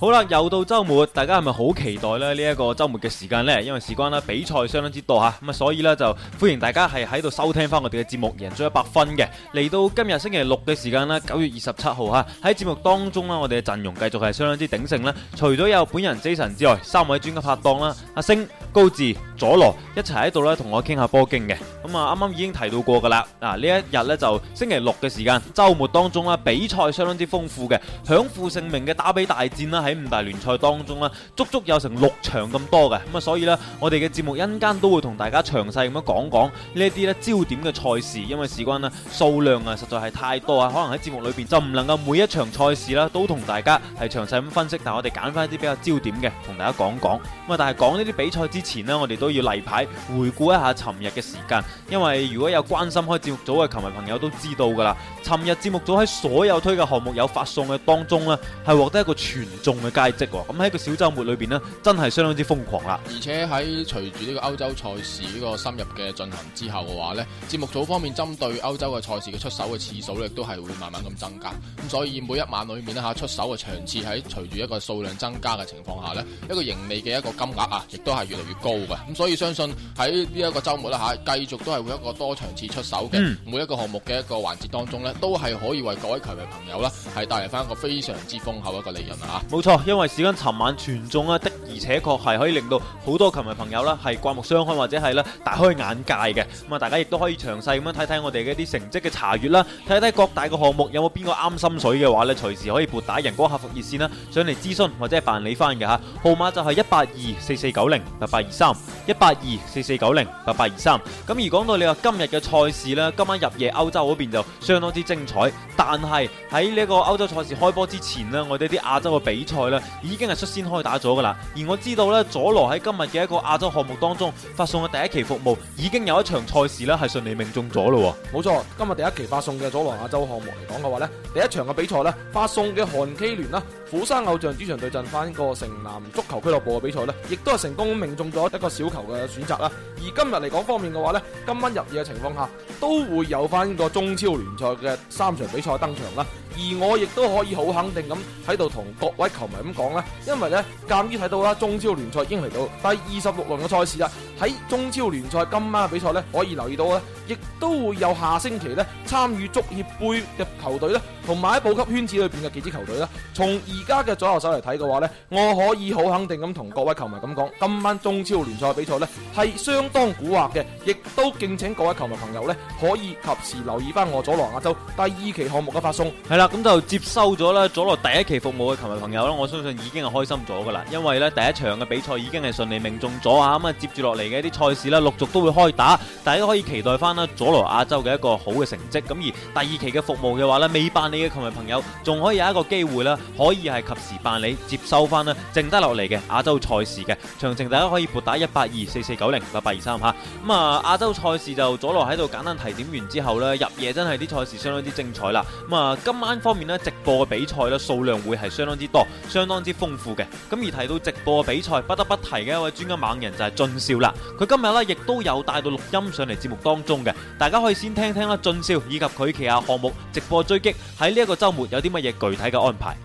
好啦，又到周末，大家係咪好期待咧？呢一個周末嘅時間呢，因為事關啦，比賽相當之多吓，咁啊所以呢，就歡迎大家係喺度收聽翻我哋嘅節目，贏足 100FUN 嘅。嚟到今日星期六嘅時間啦，九月二十七號吓，喺節目當中啦，我哋嘅陣容繼續係相當之鼎盛啦。除咗有本人 Jason 之外，三位專家拍檔啦，阿星、高志、佐羅一齊喺度咧同我傾下波經嘅。咁啊，啱啱已經提到過噶啦，嗱，呢一日呢，就星期六嘅時間，周末當中啦，比賽相當之豐富嘅，享負盛名嘅打比大戰啦喺。五大聯賽當中啦，足足有成六場咁多嘅，咁、嗯、啊，所以呢，我哋嘅節目一間都會同大家詳細咁樣講講呢一啲呢焦點嘅賽事，因為事關呢，數量啊實在係太多啊，可能喺節目裏邊就唔能夠每一場賽事啦都同大家係詳細咁分析，但係我哋揀翻一啲比較焦點嘅同大家講講，咁、嗯、啊，但係講呢啲比賽之前呢，我哋都要例牌回顧一下尋日嘅時間，因為如果有關心開節目組嘅球迷朋友都知道噶啦，尋日節目組喺所有推嘅項目有發送嘅當中呢，係獲得一個全中。咁嘅佳績喎，咁喺一個小周末裏邊呢，真係相當之瘋狂啦。而且喺隨住呢個歐洲賽事呢個深入嘅進行之後嘅話呢，節目組方面針對歐洲嘅賽事嘅出手嘅次數呢，都係會慢慢咁增加。咁所以每一晚裏面呢，吓出手嘅場次喺隨住一個數量增加嘅情況下呢，一個盈利嘅一個金額啊，亦都係越嚟越高嘅。咁所以相信喺呢一個周末啦吓，繼續都係會一個多場次出手嘅。嗯。每一個項目嘅一個環節當中呢，都係可以為各位球迷朋友啦，係帶嚟翻一個非常之豐厚一個利潤啊。因為時間尋晚全中啊。而且確係可以令到好多球迷朋友啦，係刮目相看或者係大開眼界嘅。咁啊，大家亦都可以詳細咁樣睇睇我哋嘅一啲成績嘅查閲啦，睇睇各大嘅項目有冇邊個啱心水嘅話呢，隨時可以撥打人工客服熱線啦，上嚟諮詢或者係辦理翻嘅嚇。號碼就係一八二四四九零八八二三，一八二四四九零八八二三。咁而講到你話今日嘅賽事咧，今晚入夜歐洲嗰邊就相當之精彩。但係喺呢個歐洲賽事開波之前呢，我哋啲亞洲嘅比賽咧已經係率先開打咗噶啦。而我知道咧，佐羅喺今日嘅一個亞洲項目當中發送嘅第一期服務，已經有一場賽事咧係順利命中咗咯。冇錯，今日第一期發送嘅佐羅亞洲項目嚟講嘅話咧，第一場嘅比賽咧發送嘅韓 K 聯啦，釜山偶像主場對陣翻個城南足球俱樂部嘅比賽咧，亦都係成功命中咗一個小球嘅選擇啦。而今日嚟講方面嘅話咧，今晚入夜嘅情況下都會有翻個中超聯賽嘅三場比賽登場啦。而我亦都可以好肯定咁喺度同各位球迷咁講咧，因為咧鑒於睇到啦，中超聯賽已經嚟到第二十六輪嘅賽事啦，喺中超聯賽今晚嘅比賽咧，可以留意到咧，亦都會有下星期咧參與足協杯嘅球隊咧，同埋喺保級圈子裏邊嘅幾支球隊啦。從而家嘅左右手嚟睇嘅話咧，我可以好肯定咁同各位球迷咁講，今晚中超聯賽嘅比賽咧係相當古惑嘅，亦都敬請各位球迷朋友咧可以及時留意翻我佐羅亞洲第二期項目嘅發送，係啦。咁就接收咗啦，佐羅第一期服務嘅球迷朋友啦，我相信已經係開心咗噶啦，因為咧第一場嘅比賽已經係順利命中咗啊，咁、嗯、啊接住落嚟嘅啲賽事啦，陸續都會開打，大家可以期待翻啦，佐羅亞洲嘅一個好嘅成績。咁而第二期嘅服務嘅話咧，未辦理嘅球迷朋友仲可以有一個機會啦，可以係及時辦理接收翻啦，剩得落嚟嘅亞洲賽事嘅，詳情大家可以撥打一八二四四九零八八二三吓。咁、嗯、啊亞洲賽事就佐羅喺度簡單提點完之後咧，入夜真係啲賽事相當之精彩啦。咁、嗯、啊今晚。方面咧，直播嘅比賽咧數量會係相當之多，相當之豐富嘅。咁而提到直播嘅比賽，不得不提嘅一位專家猛人就係俊少啦。佢今日呢亦都有帶到錄音上嚟節目當中嘅，大家可以先聽聽啦。俊少以及佢旗下項目直播追擊喺呢一個周末有啲乜嘢具體嘅安排。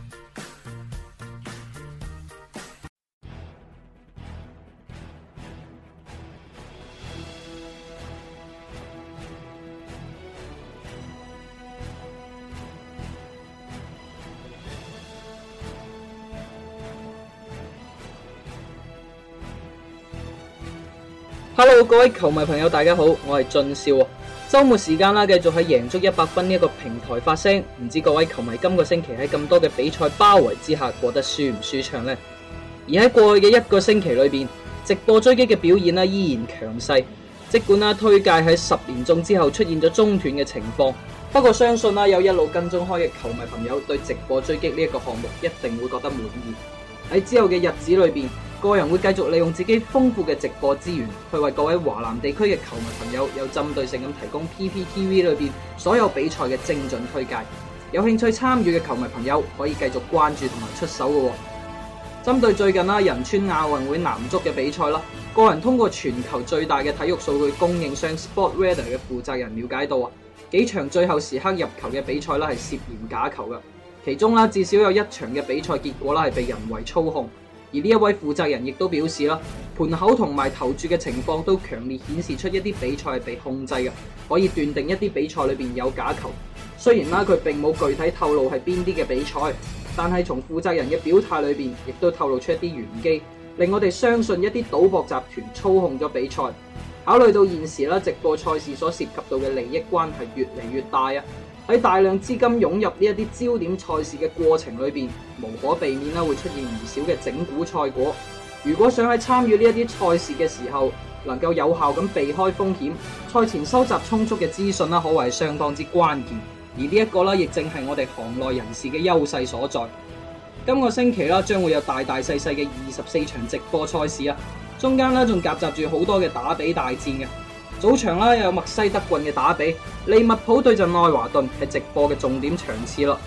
hello，各位球迷朋友，大家好，我係俊少。周末時間啦，繼續喺贏足 100FUN 呢一個平台發聲。唔知各位球迷今個星期喺咁多嘅比賽包圍之下，過得舒唔舒暢呢？而喺過去嘅一個星期裏邊，直播追擊嘅表現呢依然強勢。盡管啦推介喺十連中之後出現咗中斷嘅情況，不過相信啦有一路跟蹤開嘅球迷朋友對直播追擊呢一個項目一定會覺得滿意。喺之後嘅日子裏邊，個人會繼續利用自己豐富嘅直播資源，去為各位華南地區嘅球迷朋友有針對性咁提供 PPTV 裏邊所有比賽嘅精準推介。有興趣參與嘅球迷朋友可以繼續關注同埋出手嘅。針對最近啦，仁川亞運會男足嘅比賽啦，個人通過全球最大嘅體育數據供應商 Sport Radar 嘅負責人了解到啊，幾場最後時刻入球嘅比賽啦係涉嫌假球嘅。其中啦，至少有一場嘅比賽結果啦係被人為操控，而呢一位負責人亦都表示啦，盤口同埋投注嘅情況都強烈顯示出一啲比賽係被控制嘅，可以斷定一啲比賽裏邊有假球。雖然啦，佢並冇具體透露係邊啲嘅比賽，但係從負責人嘅表態裏邊，亦都透露出一啲玄機，令我哋相信一啲賭博集團操控咗比賽。考慮到現時啦，直播賽事所涉及到嘅利益關係越嚟越大啊！喺大量資金湧入呢一啲焦點賽事嘅過程裏邊，無可避免啦，會出現唔少嘅整蠱賽果。如果想喺參與呢一啲賽事嘅時候，能夠有效咁避開風險，賽前收集充足嘅資訊啦，可謂相當之關鍵。而呢一個啦，亦正係我哋行內人士嘅優勢所在。今個星期啦，將會有大大細細嘅二十四場直播賽事啊，中間啦仲夾雜住好多嘅打比大戰嘅。早場啦，有墨西德郡嘅打比，利物浦對陣愛華頓係直播嘅重點場次啦。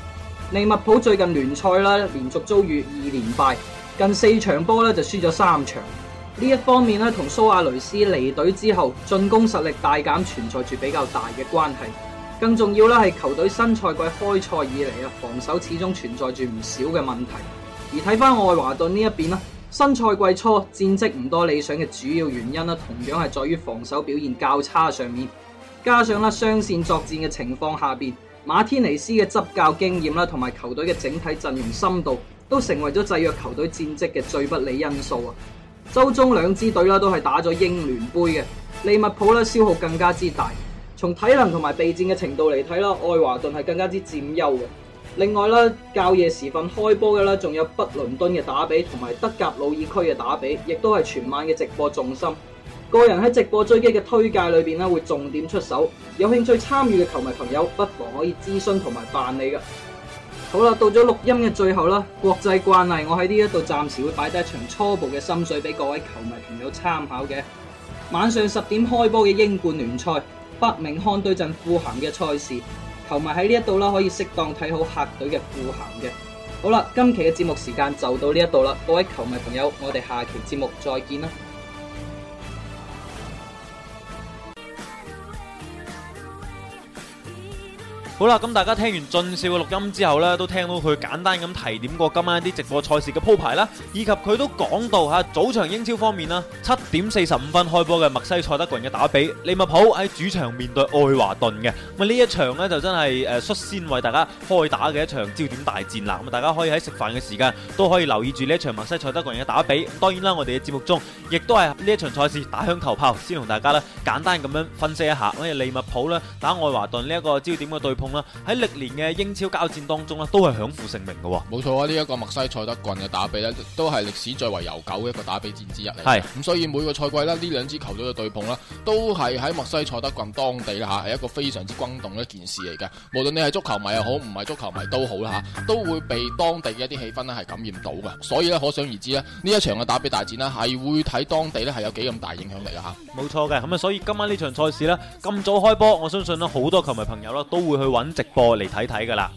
利物浦最近聯賽啦，連續遭遇二連敗，近四場波咧就輸咗三場。呢一方面咧，同蘇亞雷斯離隊之後進攻實力大減存在住比較大嘅關係。更重要咧，係球隊新賽季開賽以嚟啊，防守始終存在住唔少嘅問題。而睇翻愛華頓呢一邊啦。新賽季初戰績唔多理想嘅主要原因啦，同樣係在於防守表現較差上面，加上啦雙線作戰嘅情況下邊，馬天尼斯嘅執教經驗啦，同埋球隊嘅整體陣容深度，都成為咗制約球隊戰績嘅最不利因素啊。周中兩支隊啦都係打咗英聯盃嘅，利物浦啦消耗更加之大，從體能同埋備戰嘅程度嚟睇啦，愛華頓係更加之佔優嘅。另外啦，較夜時分開波嘅啦，仲有北倫敦嘅打比同埋德甲魯爾區嘅打比，亦都係全晚嘅直播重心。個人喺直播追擊嘅推介裏邊啦，會重點出手，有興趣參與嘅球迷朋友不妨可以諮詢同埋辦理噶。好啦，到咗錄音嘅最後啦，國際慣例我喺呢一度暫時會擺低一場初步嘅心水俾各位球迷朋友參考嘅。晚上十點開波嘅英冠聯賽，伯明翰對陣富咸嘅賽事。球迷喺呢度啦，可以適當睇好客隊嘅顧行嘅。好啦，今期嘅節目時間就到呢度啦，各位球迷朋友，我哋下期節目再見啦。好啦，咁大家聽完俊少嘅錄音之後咧，都聽到佢簡單咁提點過今晚一啲直播賽事嘅鋪排啦，以及佢都講到吓、啊、早場英超方面啦，七點四十五分開波嘅墨西塞德郡嘅打比，利物浦喺主場面對愛華頓嘅，咁呢一場咧就真係誒率先為大家開打嘅一場焦點大戰啦，咁大家可以喺食飯嘅時間都可以留意住呢一場墨西塞德郡嘅打比。當然啦，我哋嘅節目中亦都係呢一場賽事打響球炮，先同大家咧簡單咁樣分析一下乜嘢利物浦咧打愛華頓呢一個焦點嘅對喺歷年嘅英超交戰當中啦，都係享負盛名嘅。冇錯啊！呢、這、一個墨西塞德郡嘅打比咧，都係歷史最為悠久嘅一個打比戰之一嚟。係咁，所以每個賽季呢，呢兩支球隊嘅對碰啦，都係喺墨西塞德郡當地啦吓，係一個非常之轟動嘅一件事嚟嘅。無論你係足球迷又好，唔係足球迷都好啦吓，都會被當地嘅一啲氣氛咧係感染到嘅。所以咧，可想而知咧，呢一場嘅打比大戰啦，係會睇當地咧係有幾咁大影響力啊吓。冇錯嘅，咁啊，所以今晚呢場賽事呢，咁早開波，我相信咧好多球迷朋友啦都會去。揾直播嚟睇睇噶啦。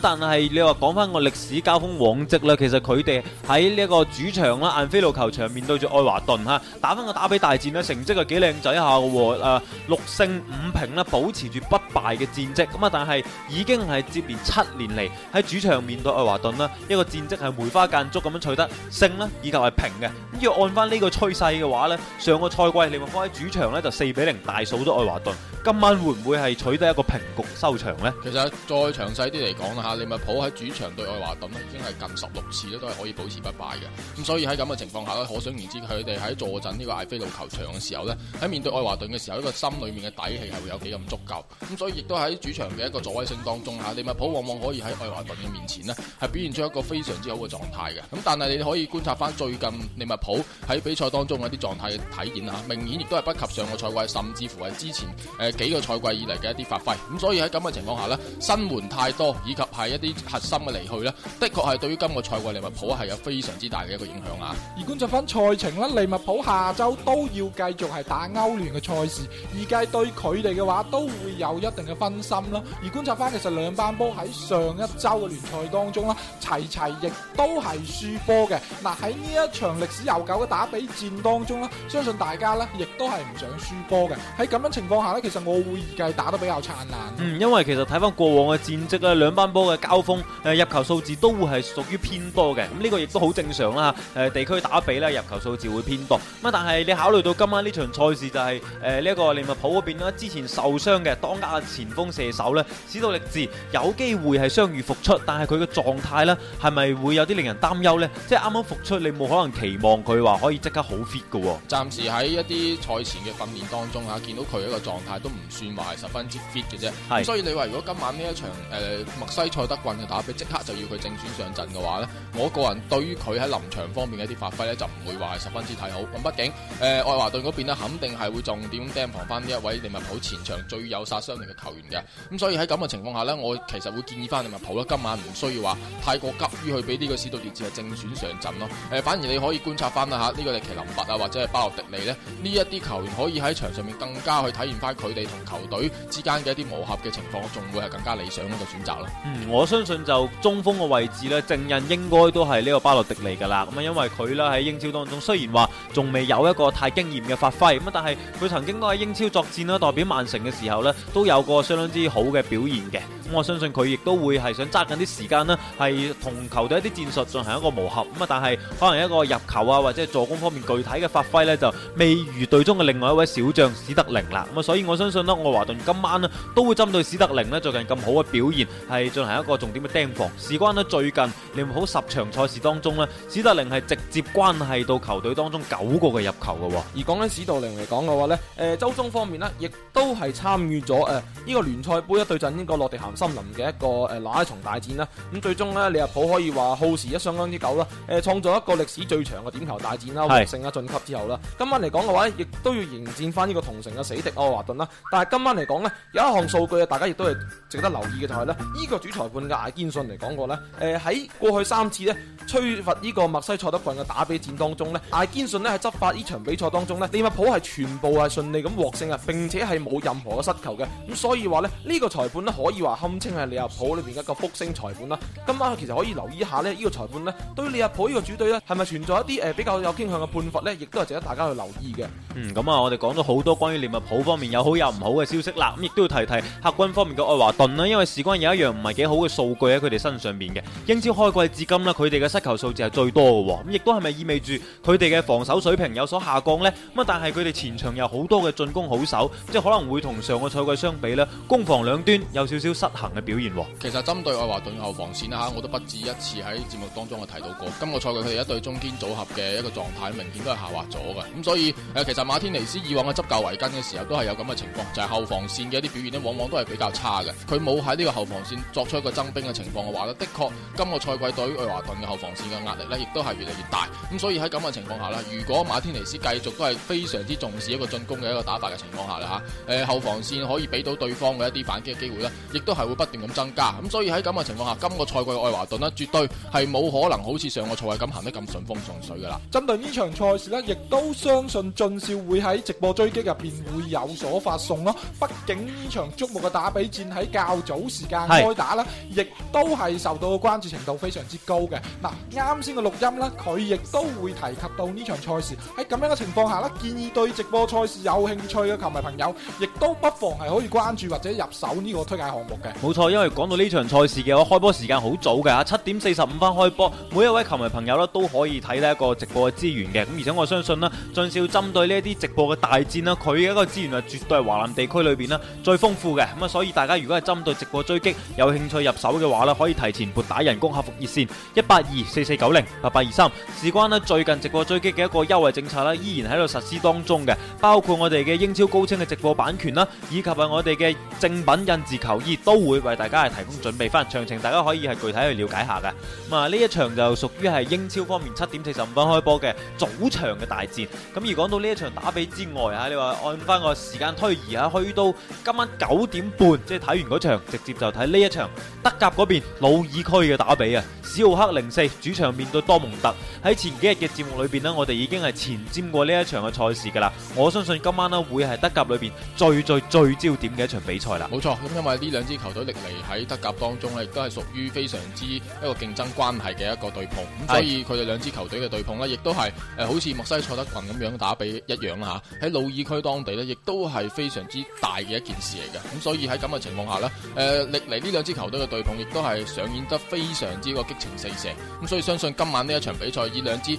但係你話講翻個歷史交鋒往績啦，其實佢哋喺呢個主場啦，晏菲路球場面對住愛華頓吓，打翻個打比大戰，成績係幾靚仔下喎，六勝五平啦，保持住不敗嘅戰績。咁啊，但係已經係接連七年嚟喺主場面對愛華頓啦，一個戰績係梅花間竹咁樣取得勝啦，以及係平嘅。咁要按翻呢個趨勢嘅話呢，上個賽季你話放喺主場呢就四比零大掃咗愛華頓，今晚會唔會係取得一個平局收場呢？其實再詳細啲嚟講吓，利物浦喺主場對愛華頓已經係近十六次都係可以保持不敗嘅。咁所以喺咁嘅情況下咧，可想而知佢哋喺坐鎮呢個艾菲路球場嘅時候呢，喺面對愛華頓嘅時候，一個心裏面嘅底氣係會有幾咁足夠。咁所以亦都喺主場嘅一個助威性當中吓，利物浦往往可以喺愛華頓嘅面前呢係表現出一個非常之好嘅狀態嘅。咁但係你可以觀察翻最近利物浦喺比賽當中的一啲狀態嘅體現吓，明顯亦都係不及上個賽季，甚至乎係之前誒幾個賽季以嚟嘅一啲發揮。咁所以喺咁嘅情況下呢，新援太多以及係一啲核心嘅離去咧，的確係對於今個賽季利物浦係有非常之大嘅一個影響啊！而觀察翻賽程啦，利物浦下周都要繼續係打歐聯嘅賽事，預計對佢哋嘅話都會有一定嘅分心啦。而觀察翻，其實兩班波喺上一周嘅聯賽當中啦，齊齊亦都係輸波嘅。嗱喺呢一場歷史悠久嘅打比戰當中啦，相信大家啦亦都係唔想輸波嘅。喺咁樣情況下咧，其實我會預計打得比較燦爛。嗯，因為其實睇翻過往嘅戰績啦，兩班波。嘅交鋒，誒，入球數字都會係屬於偏多嘅，咁、這、呢個亦都好正常啦，誒，地區打比咧，入球數字會偏多，咁但係你考慮到今晚呢場賽事就係誒呢一個利物浦嗰邊咧之前受傷嘅當家嘅前鋒射手呢，史杜力治有機會係傷癒復出，但係佢嘅狀態呢，係咪會有啲令人擔憂呢？即係啱啱復出，你冇可能期望佢話可以即刻好 fit 嘅。哦，暫時喺一啲賽前嘅訓練當中啊，見到佢一個狀態都唔算話係十分之 fit 嘅啫。係，所以你話如果今晚呢一場誒、呃，墨西。蔡德棍嘅打比即刻就要佢正選上陣嘅話呢，我個人對於佢喺臨場方面嘅一啲發揮呢，就唔會話係十分之睇好。咁畢竟誒，愛華頓嗰邊呢，肯定係會重點盯防翻呢一位利物浦前場最有殺傷力嘅球員嘅。咁所以喺咁嘅情況下呢，我其實會建議翻利物浦今晚唔需要話太過急於去俾呢個斯道迪治係正選上陣咯。誒、呃，反而你可以觀察翻啦吓，呢、這個係奇林拔啊，或者係巴洛迪尼呢，呢一啲球員可以喺場上面更加去體驗翻佢哋同球隊之間嘅一啲磨合嘅情況，仲會係更加理想嘅一個選擇啦。我相信就中鋒嘅位置咧，正印應該都係呢個巴洛迪利噶啦。咁啊，因為佢咧喺英超當中，雖然話仲未有一個太驚艷嘅發揮，咁啊，但係佢曾經都喺英超作戰啦，代表曼城嘅時候咧，都有過相當之好嘅表現嘅。咁我相信佢亦都會係想揸緊啲時間啦，係同球隊一啲戰術進行一個磨合。咁啊，但係可能一個入球啊，或者係助攻方面具體嘅發揮咧，就未如隊中嘅另外一位小將史特靈啦。咁啊，所以我相信呢愛華頓今晚咧都會針對史特靈咧最近咁好嘅表現係。係一個重點嘅盯防，事關呢，最近利物浦十場賽事當中呢，史特靈係直接關係到球隊當中九個嘅入球嘅。而講緊史特靈嚟講嘅話呢，誒，周中方面呢，亦都係參與咗誒呢個聯賽杯一對陣呢個落地咸森林嘅一個誒拉松大戰啦。咁最終呢，利物浦可以話耗時一相當之久啦，誒、呃，創造一個歷史最長嘅點球大戰啦，獲勝啦晉級之後啦。今晚嚟講嘅話亦都要迎戰翻呢個同城嘅死敵愛華頓啦。但係今晚嚟講呢，有一項數據啊，大家亦都係值得留意嘅就係咧，呢個主。裁判嘅艾堅信嚟講過呢，誒、呃、喺過去三次咧，吹罰呢個墨西塞德郡嘅打比戰當中呢，艾堅信呢喺執法呢場比賽當中呢，利物浦係全部係順利咁獲勝啊，並且係冇任何嘅失球嘅，咁所以話呢，呢、這個裁判呢可以話堪稱係利物浦裏邊一個福星裁判啦。今晚其實可以留意一下呢，呢、這個裁判呢對利物浦呢個主隊呢係咪存在一啲誒比較有傾向嘅判罰呢？亦都係值得大家去留意嘅。嗯，咁啊，我哋講咗好多關於利物浦方面有好有唔好嘅消息啦，咁亦都要提提客軍方面嘅愛華頓啦，因為事關有一樣唔係。幾好嘅數據喺佢哋身上面嘅，英超開季至今呢，佢哋嘅失球數字係最多嘅，咁亦都係咪意味住佢哋嘅防守水平有所下降呢？咁啊，但係佢哋前場有好多嘅進攻好手，即係可能會同上個賽季相比呢，攻防兩端有少少失衡嘅表現。其實針對愛華頓後防線啦，我都不止一次喺節目當中啊提到過，今個賽季佢哋一對中堅組合嘅一個狀態明顯都係下滑咗嘅，咁所以誒，其實馬天尼斯以往嘅執教韋根嘅時候都係有咁嘅情況，就係、是、後防線嘅一啲表現呢，往往都係比較差嘅，佢冇喺呢個後防線作出個增兵嘅情況嘅話呢，的確今個賽季對愛華頓嘅後防線嘅壓力呢，亦都係越嚟越大。咁所以喺咁嘅情況下呢，如果馬天尼斯繼續都係非常之重視一個進攻嘅一個打法嘅情況下啦吓，誒，後防線可以俾到對方嘅一啲反擊嘅機會呢亦都係會不斷咁增加。咁所以喺咁嘅情況下，今個賽季嘅愛華頓咧，絕對係冇可能好似上個賽季咁行得咁順風順水噶啦。針對呢場賽事呢，亦都相信俊少會喺直播追擊入邊會有所發送咯。畢竟呢場矚目嘅打比戰喺較早時間開打啦。亦都係受到關注程度非常之高嘅。嗱，啱先嘅錄音咧，佢亦都會提及到呢場賽事。喺咁樣嘅情況下咧，建議對直播賽事有興趣嘅球迷朋友，亦都不妨係可以關注或者入手呢個推介項目嘅。冇錯，因為講到呢場賽事嘅話，開波時間好早嘅，七點四十五分開波，每一位球迷朋友咧都可以睇呢一個直播嘅資源嘅。咁而且我相信呢，俊少針對呢啲直播嘅大戰呢，佢嘅一個資源啊，絕對係華南地區裏邊最豐富嘅。咁啊，所以大家如果係針對直播追擊有興，入手嘅話呢，可以提前撥打人工客服熱線一八二四四九零八八二三。事關呢，最近直播追擊嘅一個優惠政策依然喺度實施當中嘅，包括我哋嘅英超高清嘅直播版權啦，以及我哋嘅正品印字球衣都會為大家係提供準備翻，詳情大家可以係具體去了解一下嘅。咁啊呢一場就屬於係英超方面七點四十五分開波嘅早場嘅大戰。咁而講到呢一場打比之外啊，你話按翻個時間推移啊，去到今晚九點半，即係睇完嗰場，直接就睇呢一場。德甲嗰邊魯爾區嘅打比啊，史浩克零四主場面對多蒙特。喺前幾日嘅節目裏邊呢，我哋已經係前瞻過呢一場嘅賽事噶啦。我相信今晚呢，會係德甲裏邊最最最焦點嘅一場比賽啦。冇錯，咁因為呢兩支球隊歷嚟喺德甲當中呢，亦都係屬於非常之一個競爭關係嘅一個對碰。咁所以佢哋兩支球隊嘅對碰呢，亦都係誒好似墨西塞德郡咁樣打比一樣啦吓。喺魯爾區當地呢，亦都係非常之大嘅一件事嚟嘅。咁所以喺咁嘅情況下呢，誒歷嚟呢兩支球隊嘅對碰亦都係上演得非常之個激情四射，咁所以相信今晚呢一場比賽以兩支誒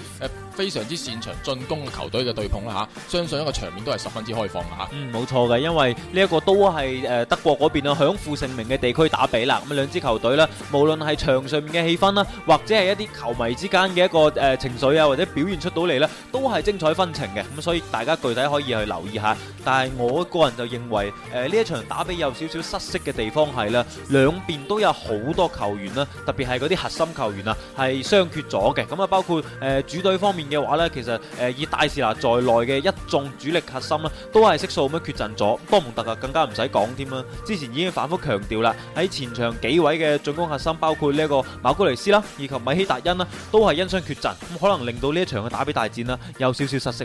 非常之擅長進攻嘅球隊嘅對碰啦，吓，相信一個場面都係十分之開放嘅吓。嗯，冇錯嘅，因為呢一個都係誒德國嗰邊啊享負盛名嘅地區打比啦，咁兩支球隊咧，無論係場上面嘅氣氛啦，或者係一啲球迷之間嘅一個誒情緒啊，或者表現出到嚟咧，都係精彩紛呈嘅，咁所以大家具體可以去留意下。但係我個人就認為，誒呢一場打比有少少失色嘅地方係啦，兩邊。都有好多球員啦，特別係嗰啲核心球員啊，係傷缺咗嘅。咁啊，包括誒主隊方面嘅話呢，其實誒以戴士娜在內嘅一眾主力核心啦，都係悉數咁樣缺陣咗。多蒙特啊，更加唔使講添啦。之前已經反復強調啦，喺前場幾位嘅進攻核心，包括呢一個馬古雷斯啦，以及米希達恩啦，都係因傷缺陣，咁可能令到呢一場嘅打比大戰啦，有少少失色。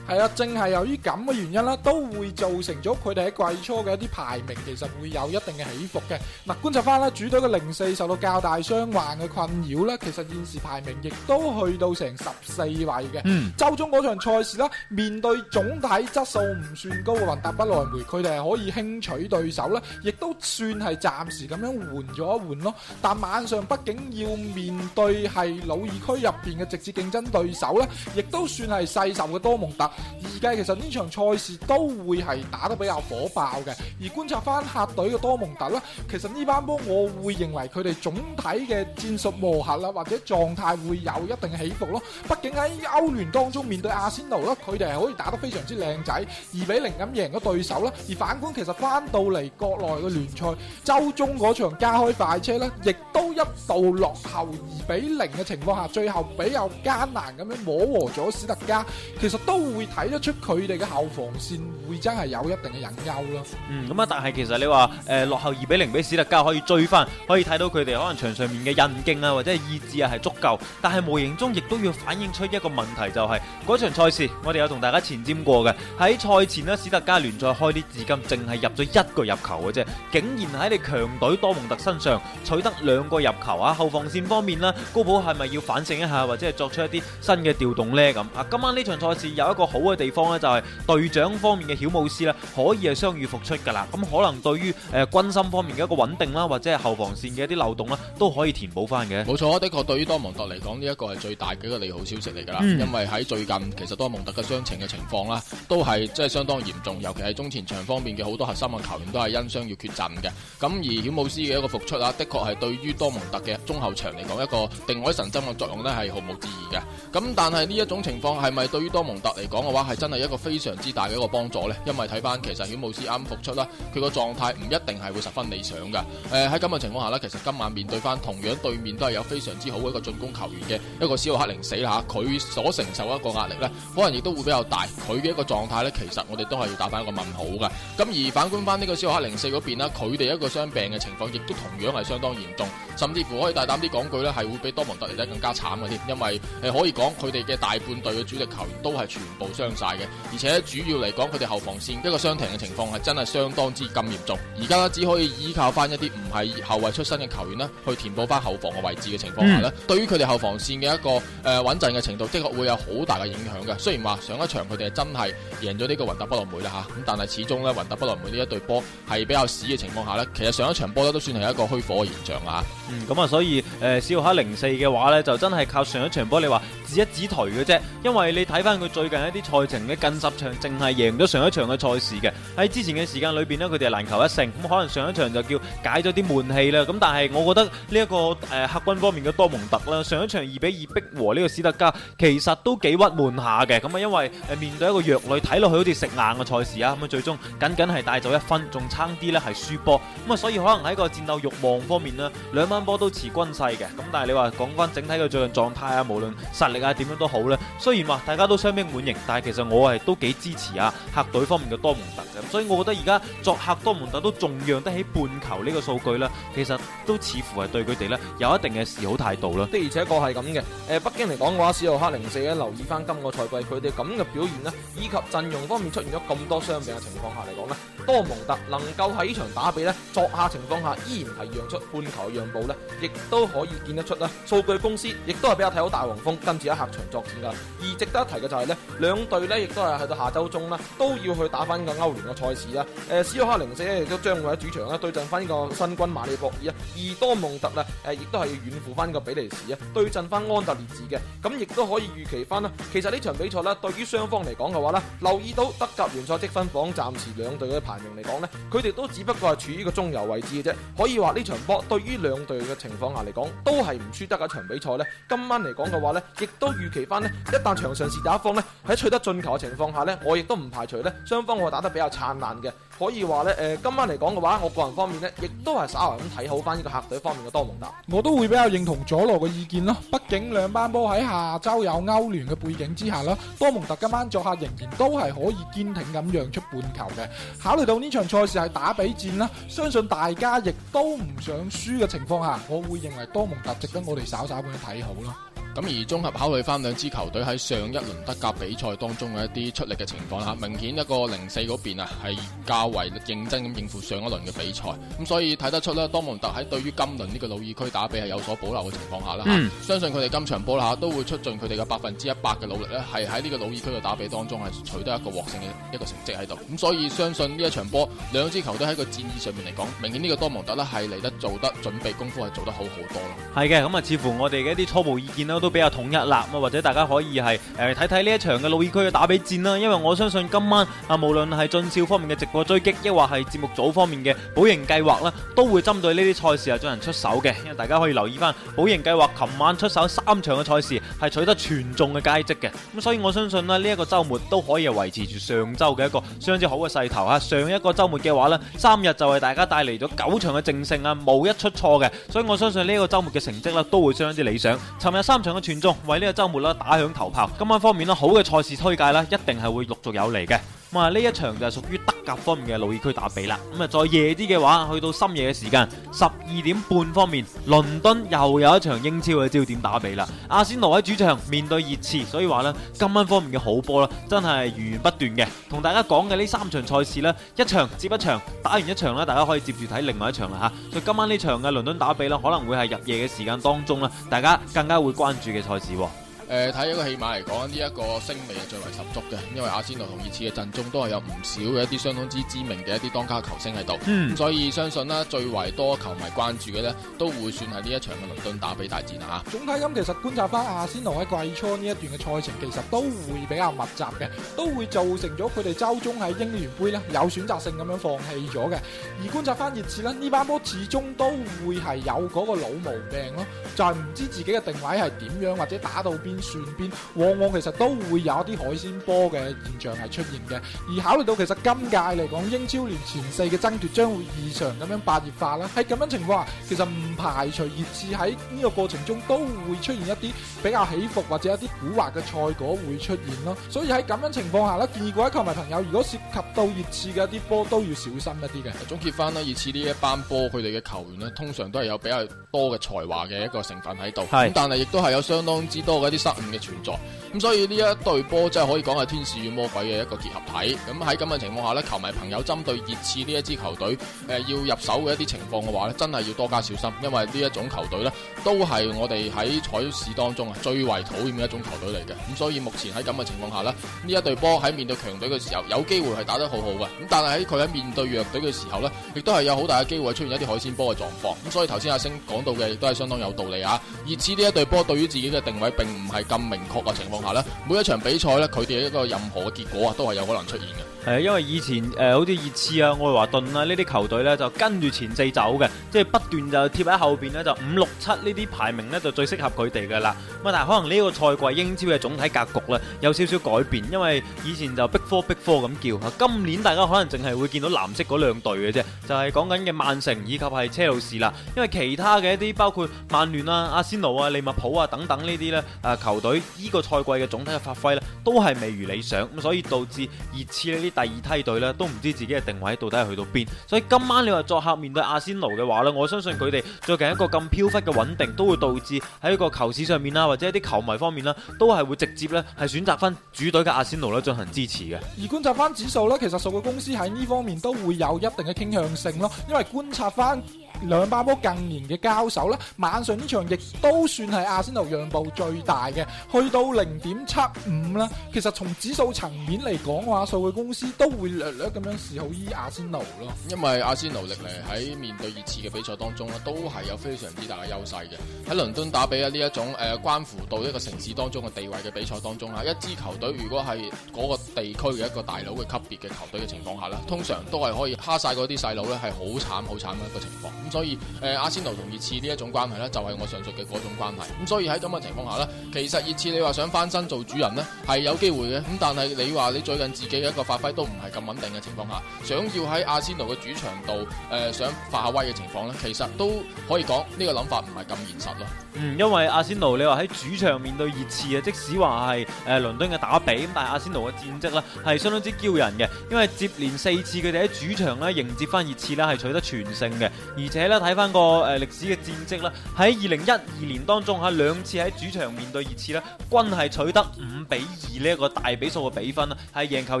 係啊，正係由於咁嘅原因啦，都會造成咗佢哋喺季初嘅一啲排名其實會有一定嘅起伏嘅。嗱，觀察翻啦，主隊嘅零四受到較大傷患嘅困擾咧，其實現時排名亦都去到成十四位嘅。嗯，週中嗰場賽事啦，面對總體質素唔算高嘅雲達不萊梅，佢哋係可以輕取對手啦，亦都算係暫時咁樣緩咗一緩咯。但晚上畢竟要面對係魯爾區入邊嘅直接競爭對手啦，亦都算係世仇嘅多蒙特。而家其實呢場賽事都會係打得比較火爆嘅，而觀察翻客隊嘅多蒙特咧，其實呢班波我會認為佢哋總體嘅戰術磨合啦，或者狀態會有一定起伏咯。畢竟喺歐聯當中面對阿仙奴啦，佢哋係可以打得非常之靚仔，二比零咁贏咗對手啦。而反觀其實翻到嚟國內嘅聯賽，周中嗰場加開快車咧，亦都一度落後二比零嘅情況下，最後比較艱難咁樣摸和咗史特加，其實都會。睇得出佢哋嘅後防線會真係有一定嘅隱憂咯。嗯，咁啊，但係其實你話誒落後二比零俾史特加可以追翻，可以睇到佢哋可能場上面嘅韌勁啊或者意志啊係足夠，但係無形中亦都要反映出一個問題，就係嗰場賽事我哋有同大家前瞻過嘅喺賽前咧，史特加聯賽開啲至今淨係入咗一個入球嘅啫，竟然喺你強隊多蒙特身上取得兩個入球啊！後防線方面咧，高普係咪要反省一下或者係作出一啲新嘅調動咧？咁啊，今晚呢場賽事有一個。好嘅地方咧，就係隊長方面嘅曉姆斯咧，可以係傷愈復出噶啦。咁可能對於誒軍心方面嘅一個穩定啦，或者係後防線嘅一啲漏洞咧，都可以填補翻嘅。冇錯，的確對於多蒙特嚟講，呢、這、一個係最大嘅一個利好消息嚟噶啦。嗯、因為喺最近，其實多蒙特嘅傷情嘅情況啦，都係即係相當嚴重，尤其係中前場方面嘅好多核心嘅球員都係因傷要缺陣嘅。咁而曉姆斯嘅一個復出啊，的確係對於多蒙特嘅中後場嚟講，一個定海神針嘅作用呢，係毫無質疑嘅。咁但係呢一種情況係咪對於多蒙特嚟講？嘅話係真係一個非常之大嘅一個幫助呢，因為睇翻其實詹姆斯啱啱復出啦，佢個狀態唔一定係會十分理想噶。誒喺咁嘅情況下呢，其實今晚面對翻同樣對面都係有非常之好嘅一個進攻球員嘅一個小克零四。啦吓，佢所承受嘅一個壓力呢，可能亦都會比較大。佢嘅一個狀態呢，其實我哋都係要打翻一個問號噶。咁而反觀翻呢個小克零四嗰邊呢，佢哋一個傷病嘅情況亦都同樣係相當嚴重，甚至乎可以大膽啲講句呢，係會比多蒙特嚟得更加慘嗰啲，因為誒可以講佢哋嘅大半隊嘅主力球員都係全部。傷晒嘅，而且主要嚟講，佢哋後防線一個傷停嘅情況係真係相當之咁嚴重。而家只可以依靠翻一啲唔係後衛出身嘅球員咧，去填補翻後防嘅位置嘅情況下咧，嗯，對於佢哋後防線嘅一個誒穩陣嘅程度，的確會有好大嘅影響嘅。雖然話上一場佢哋係真係贏咗呢個雲達不萊梅啦吓，咁但係始終咧，雲達不萊梅呢一隊波係比較屎嘅情況下咧，其實上一場波都算係一個虛火嘅現象啦吓。嗯，咁啊，所以誒，沙爾克零四嘅話咧，就真係靠上一場波，你話止一止頹嘅啫。因為你睇翻佢最近一啲賽程嘅近十場，淨係贏咗上一場嘅賽事嘅。喺之前嘅時間裏邊咧，佢哋係難求一勝，咁可能上一場就叫解咗啲悶氣啦。咁但係我覺得呢一個誒客軍方面嘅多蒙特啦，上一場二比二逼和呢個斯特加，其實都幾鬱悶下嘅。咁啊，因為誒面對一個弱旅，睇落去好似食硬嘅賽事啊，咁啊，最終僅僅係帶走一分，仲差啲咧係輸波。咁啊，所以可能喺個戰鬥慾望方面啦，兩波都持均勢嘅，咁但係你話講翻整體嘅最近狀態啊，無論實力啊點樣都好咧。雖然話大家都傷兵滿營，但係其實我係都幾支持啊客隊方面嘅多蒙特嘅，所以我覺得而家作客多蒙特都仲讓得起半球呢個數據啦。其實都似乎係對佢哋咧有一定嘅示好態度啦。的而且確係咁嘅，誒，北京嚟講嘅話，史奧克零四咧，留意翻今個賽季佢哋咁嘅表現咧，以及陣容方面出現咗咁多傷病嘅情況下嚟講咧。多蒙特能夠喺呢場打比咧作客情況下依然係讓出半球讓步咧，亦都可以見得出啦。數據公司亦都係比較睇好大黃蜂今次喺客場作戰㗎。而值得一提嘅就係、是、咧，兩隊咧亦都係去到下周中啦，都要去打翻呢個歐聯嘅賽事啦。誒、呃，沙爾克04咧亦都將會喺主場咧對陣翻呢個新軍馬里博爾啊。而多蒙特啊誒，亦都係要遠赴翻個比利時啊對陣翻安特列治嘅。咁亦都可以預期翻啦。其實呢場比賽咧，對於雙方嚟講嘅話咧，留意到德甲聯賽積分榜暫時兩隊嘅排嚟講咧，佢哋都只不過係處於個中游位置嘅啫。可以話呢場波對於兩隊嘅情況下嚟講，都係唔輸得一場比賽咧。今晚嚟講嘅話咧，亦都預期翻呢。一旦場上是打一方咧喺取得進球嘅情況下咧，我亦都唔排除咧雙方會打得比較燦爛嘅。可以話咧，誒，今晚嚟講嘅話，我個人方面咧，亦都係稍為咁睇好翻呢個客隊方面嘅多蒙特。我都會比較認同佐羅嘅意見咯。畢竟兩班波喺下周有歐聯嘅背景之下囉，多蒙特今晚作客仍然都係可以堅挺咁讓出半球嘅。考慮到呢場賽事係打比戰啦，相信大家亦都唔想輸嘅情況下，我會認為多蒙特值得我哋稍稍咁樣睇好啦。咁而綜合考慮翻兩支球隊喺上一輪德甲比賽當中嘅一啲出力嘅情況啦，明顯一個零四嗰邊啊係較為認真咁應付上一輪嘅比賽，咁所以睇得出呢，多蒙特喺對於今輪呢個魯爾區打比係有所保留嘅情況下啦、嗯，相信佢哋今場波啦都會出盡佢哋嘅百分之一百嘅努力呢係喺呢個魯爾區嘅打比當中係取得一個獲勝嘅一個成績喺度，咁所以相信呢一場波兩支球隊喺個戰意上面嚟講，明顯呢個多蒙特呢係嚟得做得準備功夫係做得好好多咯。係嘅，咁啊，似乎我哋嘅一啲初步意見都比較統一啦，咁或者大家可以係誒睇睇呢一場嘅老二區嘅打比戰啦，因為我相信今晚啊，無論係進少方面嘅直播追擊，亦或係節目組方面嘅保贏計劃呢，都會針對呢啲賽事啊進行出手嘅，因為大家可以留意翻保贏計劃，琴晚出手三場嘅賽事係取得全中嘅佳績嘅，咁所以我相信呢一個周末都可以係維持住上週嘅一個相當之好嘅勢頭。上一個周末嘅話呢，三日就係大家帶嚟咗九場嘅正勝啊，無一出錯嘅，所以我相信呢個週末嘅成績啦都會相當之理想。尋日三場。串中為呢個周末啦打響頭炮，今晚方面啦，好嘅賽事推介啦，一定係會陸續有嚟嘅。咁呢一場就係屬於德甲方面嘅路易區打比啦。咁啊，再夜啲嘅話，去到深夜嘅時間，十二點半方面，倫敦又有一場英超嘅焦點打比啦。阿仙奴喺主場面對熱刺，所以話呢，今晚方面嘅好波啦，真係源源不斷嘅。同大家講嘅呢三場賽事，呢一場接一場，打完一場啦，大家可以接住睇另外一場啦吓。就今晚呢場嘅倫敦打比啦，可能會係入夜嘅時間當中啦，大家更加會關注嘅賽事。誒、呃，睇一個戲碼嚟講，呢、這、一個星味係最為十足嘅，因為阿仙奴同熱刺嘅陣中都係有唔少嘅一啲相當之知名嘅一啲當家球星喺度，咁、嗯、所以相信啦，最為多球迷關注嘅咧，都會算係呢一場嘅倫敦打比大戰啦吓。總體咁，其實觀察翻阿仙奴喺季初呢一段嘅賽程，其實都會比較密集嘅，都會造成咗佢哋周中喺英聯杯咧有選擇性咁樣放棄咗嘅。而觀察翻熱刺呢，呢班波始終都會係有嗰個老毛病咯，就係、是、唔知自己嘅定位係點樣或者打到邊。船邊往往其實都會有一啲海鮮波嘅現象係出現嘅，而考慮到其實今屆嚟講英超聯前四嘅爭奪將會異常咁樣白熱化啦，喺咁樣情況下，其實唔排除熱刺喺呢個過程中都會出現一啲比較起伏或者一啲古惑嘅賽果會出現咯。所以喺咁樣情況下咧，建議各位球迷朋友，如果涉及到熱刺嘅一啲波，都要小心一啲嘅。總結翻咧，熱刺呢一班波佢哋嘅球員呢，通常都係有比較多嘅才華嘅一個成分喺度，咁但係亦都係有相當之多嘅一啲。失誤嘅存在，咁所以呢一隊波真係可以講係天使與魔鬼嘅一個結合體。咁喺咁嘅情況下咧，球迷朋友針對熱刺呢一支球隊誒、呃、要入手嘅一啲情況嘅話咧，真係要多加小心，因為呢一種球隊咧都係我哋喺賽事當中啊最為討厭嘅一種球隊嚟嘅。咁所以目前喺咁嘅情況下咧，呢一隊波喺面對強隊嘅時候，有機會係打得好好嘅。咁但係喺佢喺面對弱隊嘅時候呢，亦都係有好大嘅機會出現一啲海鮮波嘅狀況。咁所以頭先阿星講到嘅亦都係相當有道理啊。熱刺呢一隊波對於自己嘅定位並唔。係咁明確嘅情況下咧，每一場比賽咧，佢哋一個任何嘅結果啊，都係有可能出現嘅。係，因為以前誒、呃，好似熱刺啊、愛華頓啊呢啲球隊呢，就跟住前四走嘅，即、就、係、是、不斷就貼喺後邊呢，就五六七呢啲排名呢，就最適合佢哋噶啦。咁但係可能呢個賽季英超嘅總體格局呢，有少少改變，因為以前就逼科逼科咁叫，今年大家可能淨係會見到藍色嗰兩隊嘅啫，就係講緊嘅曼城以及係車路士啦。因為其他嘅一啲包括曼聯啊、阿仙奴啊、利物浦啊等等呢啲呢，誒、啊、球隊呢個賽季嘅總體嘅發揮呢都係未如理想，咁所以導致熱刺呢第二梯隊咧都唔知自己嘅定位到底係去到邊，所以今晚你話作客面對阿仙奴嘅話咧，我相信佢哋最近一個咁飄忽嘅穩定，都會導致喺一個球市上面啦，或者一啲球迷方面啦，都係會直接咧係選擇翻主隊嘅阿仙奴咧進行支持嘅。而觀察翻指數咧，其實數據公司喺呢方面都會有一定嘅傾向性咯，因為觀察翻。兩巴波近年嘅交手啦，晚上呢場亦都算係阿仙奴讓步最大嘅，去到零點七五啦。其實從指數層面嚟講嘅話，數據公司都會略略咁樣示好於阿仙奴咯。因為阿仙奴歷嚟喺面對熱刺嘅比賽當中咧，都係有非常之大嘅優勢嘅。喺倫敦打吡啊呢一種誒、呃、關乎到一個城市當中嘅地位嘅比賽當中啦，一支球隊如果係嗰個地區嘅一個大佬嘅級別嘅球隊嘅情況下咧，通常都係可以蝦晒嗰啲細佬呢係好慘好慘嘅一個情況。咁所以，誒、呃、阿仙奴同熱刺呢一種關係呢，就係、是、我上述嘅嗰種關係。咁所以喺咁嘅情況下呢，其實熱刺你話想翻身做主人呢，係有機會嘅。咁但係你話你最近自己嘅一個發揮都唔係咁穩定嘅情況下，想要喺阿仙奴嘅主場度誒、呃、想發下威嘅情況呢，其實都可以講呢個諗法唔係咁現實咯。嗯，因為阿仙奴你話喺主場面對熱刺啊，即使話係誒倫敦嘅打比咁，但係阿仙奴嘅戰績呢，係相當之驕人嘅，因為接連四次佢哋喺主場呢迎接翻熱刺呢，係取得全勝嘅，而而且睇翻個誒歷史嘅戰績啦，喺二零一二年當中喺兩次喺主場面對熱刺呢均係取得五比二呢一個大比數嘅比分啊，係贏球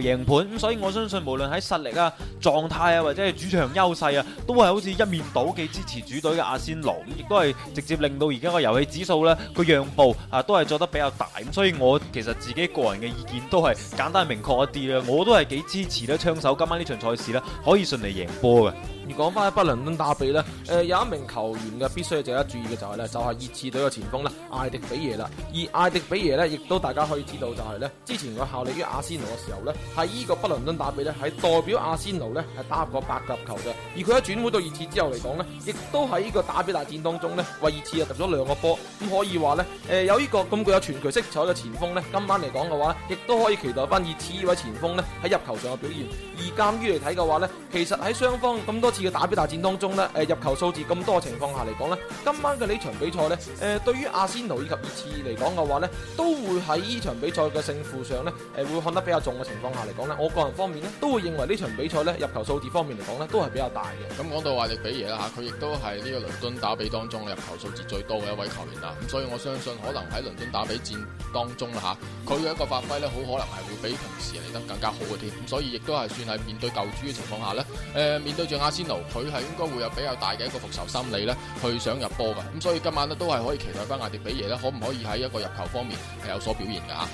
贏盤咁，所以我相信無論喺實力啊、狀態啊，或者係主場優勢啊，都係好似一面倒嘅支持主隊嘅阿仙奴亦都係直接令到而家個遊戲指數呢個讓步啊都係做得比較大咁，所以我其實自己個人嘅意見都係簡單明確一啲啦，我都係幾支持咧槍手今晚呢場賽事呢，可以順利贏波嘅。而講翻喺布倫登打比咧。誒、呃，有一名球員嘅必須要值得注意嘅就係咧，就係、是、熱刺隊嘅前鋒啦，艾迪比耶啦。而艾迪比耶咧，亦都大家可以知道就係咧，之前佢效力於阿仙奴嘅時候咧，喺呢個北倫敦打比咧，係代表阿仙奴咧係打入過八粒球嘅。而佢一轉會到熱刺之後嚟講咧，亦都喺呢個打比大戰當中咧，為熱刺又入咗兩個波，咁可以話咧，誒、呃、有呢個咁具有全球色彩嘅前鋒咧，今晚嚟講嘅話，亦都可以期待翻熱刺呢位前鋒咧喺入球上嘅表現。而鑒於嚟睇嘅話咧，其實喺雙方咁多次嘅打比大戰當中咧，誒、呃。入球數字咁多情況下嚟講呢，今晚嘅呢場比賽呢，誒、呃，對於阿仙奴以及熱刺嚟講嘅話呢，都會喺呢場比賽嘅勝負上呢誒，會看得比較重嘅情況下嚟講呢。我個人方面呢，都會認為呢場比賽呢，入球數字方面嚟講呢，都係比較大嘅。咁、嗯、講到話利比耶啦吓，佢亦都係呢個倫敦打比當中入球數字最多嘅一位球員啦。咁所以我相信可能喺倫敦打比戰當中啦吓，佢嘅一個發揮呢，好可能係會比平時嚟得更加好嘅添。咁所以亦都係算係面對舊主嘅情況下呢，誒、呃，面對住阿仙奴，佢係應該會有比較。大嘅一個復仇心理咧，去想入波嘅，咁所以今晚呢都係可以期待翻阿迪比耶咧，可唔可以喺一個入球方面係有所表現嘅啊？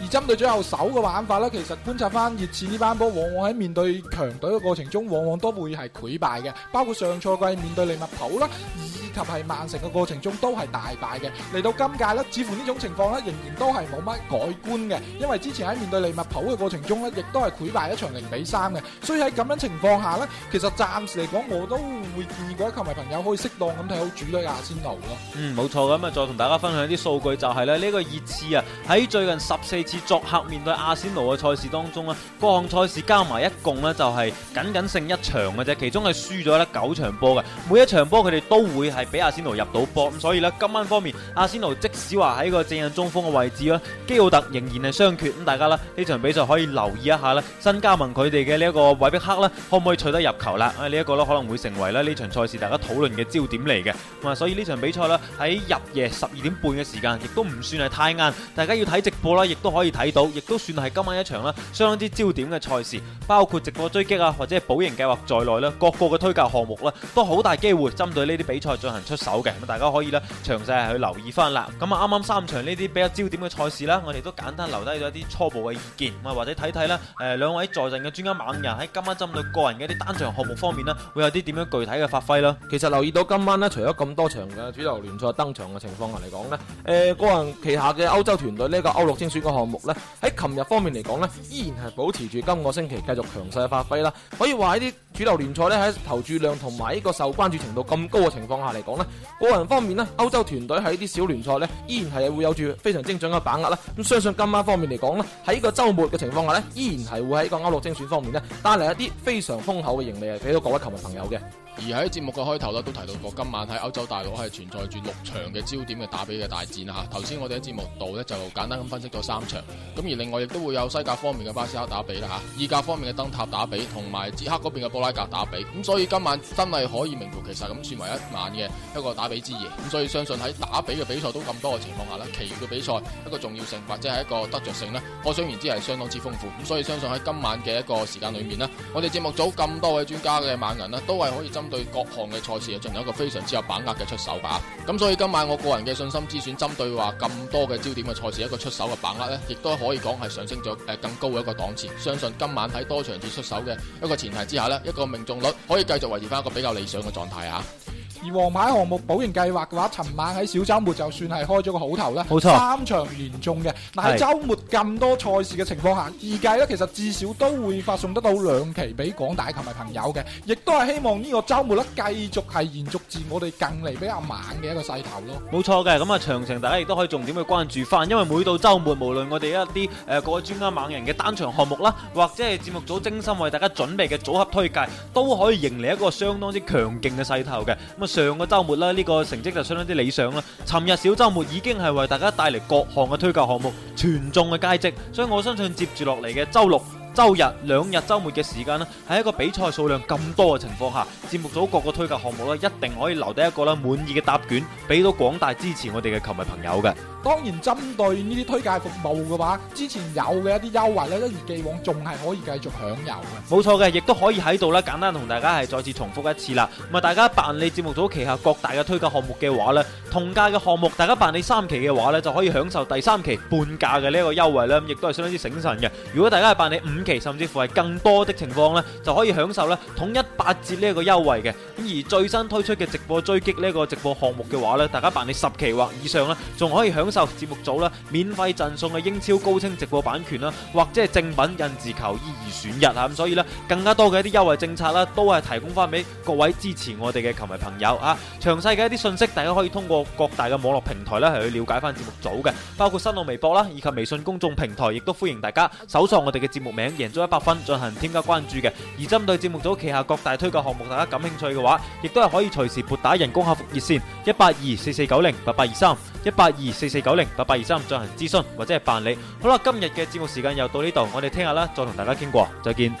而針對咗右手嘅玩法咧，其實觀察翻熱刺呢班波，往往喺面對強隊嘅過程中，往往都會係潰敗嘅，包括上賽季面對利物浦啦。及係曼城嘅過程中都係大敗嘅，嚟到今屆咧，似乎呢種情況咧仍然都係冇乜改觀嘅，因為之前喺面對利物浦嘅過程中咧，亦都係潰敗一場零比三嘅，所以喺咁樣情況下咧，其實暫時嚟講我都會建議各位球迷朋友可以適當咁睇好主隊阿仙奴咯。嗯，冇錯咁啊，再同大家分享啲數據就係咧，呢個熱刺啊喺最近十四次作客面對阿仙奴嘅賽事當中咧，各項賽事加埋一共咧就係僅僅勝一場嘅啫，其中係輸咗咧九場波嘅，每一場波佢哋都會喺。係俾阿仙奴入到波，咁所以呢，今晚方面，阿仙奴即使話喺個正印中鋒嘅位置啦，基奧特仍然係傷缺，咁大家啦呢場比賽可以留意一下啦，新加盟佢哋嘅呢一個韋碧克啦，可唔可以取得入球啦？啊呢一個咯可能會成為咧呢場賽事大家討論嘅焦點嚟嘅，咁啊所以呢場比賽啦喺入夜十二點半嘅時間，亦都唔算係太晏，大家要睇直播啦，亦都可以睇到，亦都算係今晚一場啦相當之焦點嘅賽事，包括直播追擊啊或者係保贏計劃在內啦，各個嘅推介項目啦都好大機會針對呢啲比賽。出手嘅，咁大家可以咧詳細去留意翻啦。咁啊，啱啱三場呢啲比較焦點嘅賽事啦，我哋都簡單留低咗一啲初步嘅意見，啊或者睇睇咧，誒兩位在陣嘅專家猛人喺今晚針對個人嘅一啲單場項目方面咧，會有啲點樣具體嘅發揮啦。其實留意到今晚咧，除咗咁多場嘅主流聯賽登場嘅情況下嚟講咧，誒、呃、個人旗下嘅歐洲團隊呢個歐陸精選嘅項目咧，喺琴日方面嚟講咧，依然係保持住今個星期繼續強勢嘅發揮啦。可以話喺啲主流聯賽咧喺投注量同埋呢個受關注程度咁高嘅情況下嚟。講個人方面呢，歐洲團隊喺啲小聯賽呢，依然係會有住非常精準嘅把握啦。咁相信今晚方面嚟講呢，喺呢個周末嘅情況下呢，依然係會喺個歐陸精選方面呢，帶嚟一啲非常豐厚嘅盈利啊，俾到各位球迷朋友嘅。而喺節目嘅開頭咧，都提到過今晚喺歐洲大陸係存在住六場嘅焦點嘅打比嘅大戰啦嚇。頭先、啊、我哋喺節目度咧就簡單咁分析咗三場，咁而另外亦都會有西甲方面嘅巴斯克打比啦嚇，意、啊、甲方面嘅燈塔打比，同埋捷克嗰邊嘅布拉格打比。咁、嗯、所以今晚真係可以名副其實咁、嗯、算為一晚嘅一個打比之夜。咁、嗯、所以相信喺打比嘅比賽都咁多嘅情況下咧，其餘嘅比賽一個重要性或者係一個得著性我想言之係相當之豐富。咁所以相信喺今晚嘅一個時間裏面我哋節目組咁多位專家嘅猛人都係可以針對各項嘅賽事，進行一個非常之有把握嘅出手吧。咁所以今晚我個人嘅信心之選，針對話咁多嘅焦點嘅賽事一個出手嘅把握呢，亦都可以講係上升咗誒、呃、更高嘅一個檔次。相信今晚喺多場次出手嘅一個前提之下呢，一個命中率可以繼續維持翻一個比較理想嘅狀態啊！而王牌項目保贏計劃嘅話，尋晚喺小週末就算係開咗個好頭啦，冇錯，三場連中嘅。嗱，喺週末咁多賽事嘅情況下，預計咧其實至少都會發送得到兩期俾廣大球迷朋友嘅，亦都係希望呢個週末咧繼續係延續住我哋近嚟比較猛嘅一個勢頭咯。冇錯嘅，咁啊，長程大家亦都可以重點去關注翻，因為每到週末，無論我哋一啲誒各位專家猛人嘅單場項目啦，或者係節目組精心為大家準備嘅組合推介，都可以迎嚟一個相當之強勁嘅勢頭嘅。咁啊！上個周末啦，呢個成績就相當之理想啦。尋日小周末已經係為大家帶嚟各項嘅推介項目，全中嘅佳績，所以我相信接住落嚟嘅周六，周日兩日周末嘅時間咧，喺一個比賽數量咁多嘅情況下，節目組各個推介項目咧，一定可以留低一個咧滿意嘅答卷，俾到廣大支持我哋嘅球迷朋友嘅。當然，針對呢啲推介服務嘅話，之前有嘅一啲優惠咧，一如既往仲係可以繼續享有嘅。冇錯嘅，亦都可以喺度咧，簡單同大家係再次重複一次啦。咁啊，大家辦理節目組旗下各大嘅推介項目嘅話咧，同價嘅項目，大家辦理三期嘅話咧，就可以享受第三期半價嘅呢一個優惠呢，亦都係相當之醒神嘅。如果大家係辦理五 ok，所以甚至乎係更多的情況呢就可以享受統一八折呢個優惠嘅。咁而最新推出嘅直播追擊呢個直播項目嘅話呢，大家辦理十期或以上呢，仲可以享受節目組啦免費贈送嘅英超高清直播版權啦，或者係正品印字球衣，二選一啊。咁所以呢，更加多嘅一啲優惠政策啦，都係提供返俾各位支持我哋嘅球迷朋友啊。詳細嘅一啲信息，大家可以通過各大嘅網絡平台呢係去了解返節目組嘅，包括新浪微博啦，以及微信公眾平台，亦都歡迎大家搜索我哋嘅節目名。贏咗一百分，進行添加關注嘅。而針對節目組旗下各大推介項目，大家感興趣嘅話，亦都係可以隨時撥打人工客服熱線一八二四四九零八八二三一八二四四九零八八二三進行諮詢或者係辦理。好啦，今日嘅節目時間又到呢度，我哋聽日啦再同大家傾過，再見。